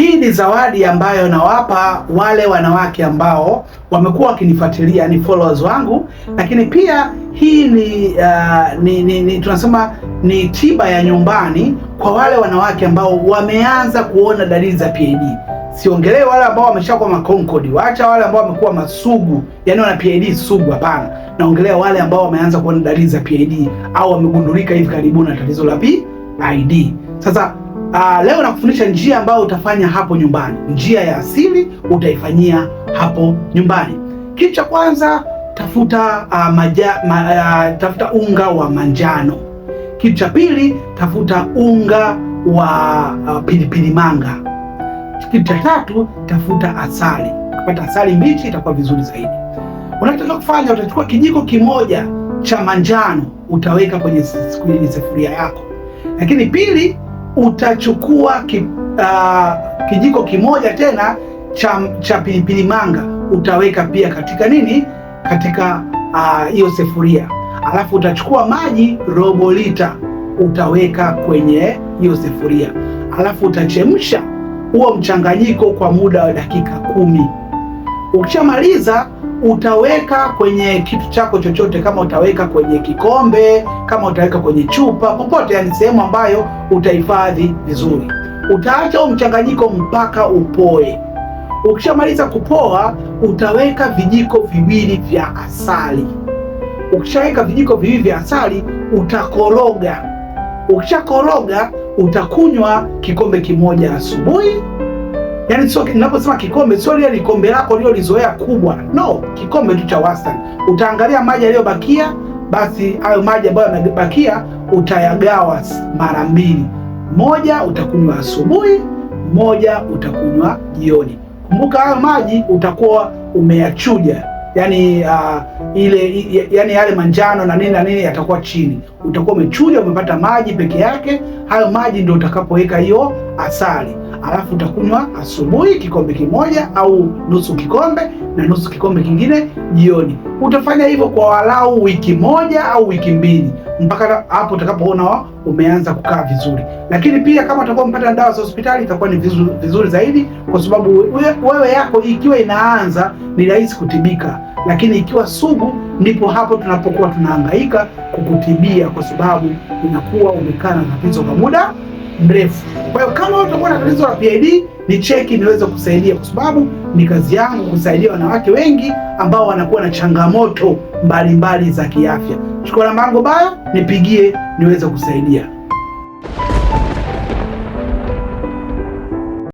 Hii ni zawadi ambayo nawapa wale wanawake ambao wamekuwa wakinifuatilia, ni followers wangu, mm. lakini pia hii ni, uh, ni, ni, ni tunasema ni tiba ya nyumbani kwa wale wanawake ambao wameanza kuona dalili za PID. Siongelee wale ambao wameshakuwa makonkodi, waacha wale ambao wamekuwa masugu, yani wana PID sugu, hapana. Naongelea wale ambao wameanza kuona dalili za PID au wamegundulika hivi karibuni na tatizo la PID. Sasa Uh, leo nakufundisha njia ambayo utafanya hapo nyumbani, njia ya asili utaifanyia hapo nyumbani. Kitu cha kwanza tafuta, uh, maja, ma, uh, tafuta unga wa manjano. Kitu cha pili tafuta unga wa uh, pilipili manga. Kitu cha tatu tafuta asali, kupata asali mbichi itakuwa vizuri zaidi. Unachotaka kufanya utachukua kijiko kimoja cha manjano utaweka kwenye, sufuria yako, lakini pili utachukua ki, uh, kijiko kimoja tena cha, cha pilipili manga utaweka pia katika nini, katika ah, hiyo uh, sefuria, alafu utachukua maji robo lita utaweka kwenye hiyo sefuria, alafu utachemsha huo mchanganyiko kwa muda wa dakika kumi. Ukishamaliza utaweka kwenye kitu chako chochote, kama utaweka kwenye kikombe, kama utaweka kwenye chupa, popote, yani sehemu ambayo utahifadhi vizuri. Utaacha huo mchanganyiko mpaka upoe. Ukishamaliza kupoa, utaweka vijiko viwili vya asali. Ukishaweka vijiko viwili vya asali, utakoroga. Ukishakoroga, utakunywa kikombe kimoja asubuhi Yaani sio ninaposema kikombe sio lile likombe lako lizoea kubwa. No, kikombe tu cha wastani. Utaangalia maji yaliyobakia, basi hayo maji ambayo yamebakia utayagawa mara mbili. Moja utakunywa asubuhi, moja utakunywa jioni. Kumbuka hayo maji utakuwa umeyachuja. Yaani uh, ile yani yale manjano na nini na nini yatakuwa chini. Utakuwa umechuja, umepata maji peke yake. Hayo maji ndio utakapoweka hiyo asali alafu utakunywa asubuhi kikombe kimoja au nusu kikombe na nusu kikombe kingine jioni. Utafanya hivyo kwa walau wiki moja au wiki mbili, mpaka hapo utakapoona umeanza kukaa vizuri. Lakini pia kama utakuwa umepata dawa za hospitali itakuwa ni vizuri, vizuri zaidi, kwa sababu wewe yako ikiwa inaanza ni rahisi kutibika, lakini ikiwa sugu ndipo hapo tunapokuwa tunahangaika kukutibia, kwa sababu unakuwa umekaa na tatizo kwa muda mrefu. Kwa hiyo kama utakuwa na tatizo la PID, ni cheki niweze kusaidia, kwa sababu ni kazi yangu kusaidia wanawake wengi ambao wanakuwa na changamoto mbalimbali za kiafya. Chukua namba yangu baya, nipigie niweze kusaidia.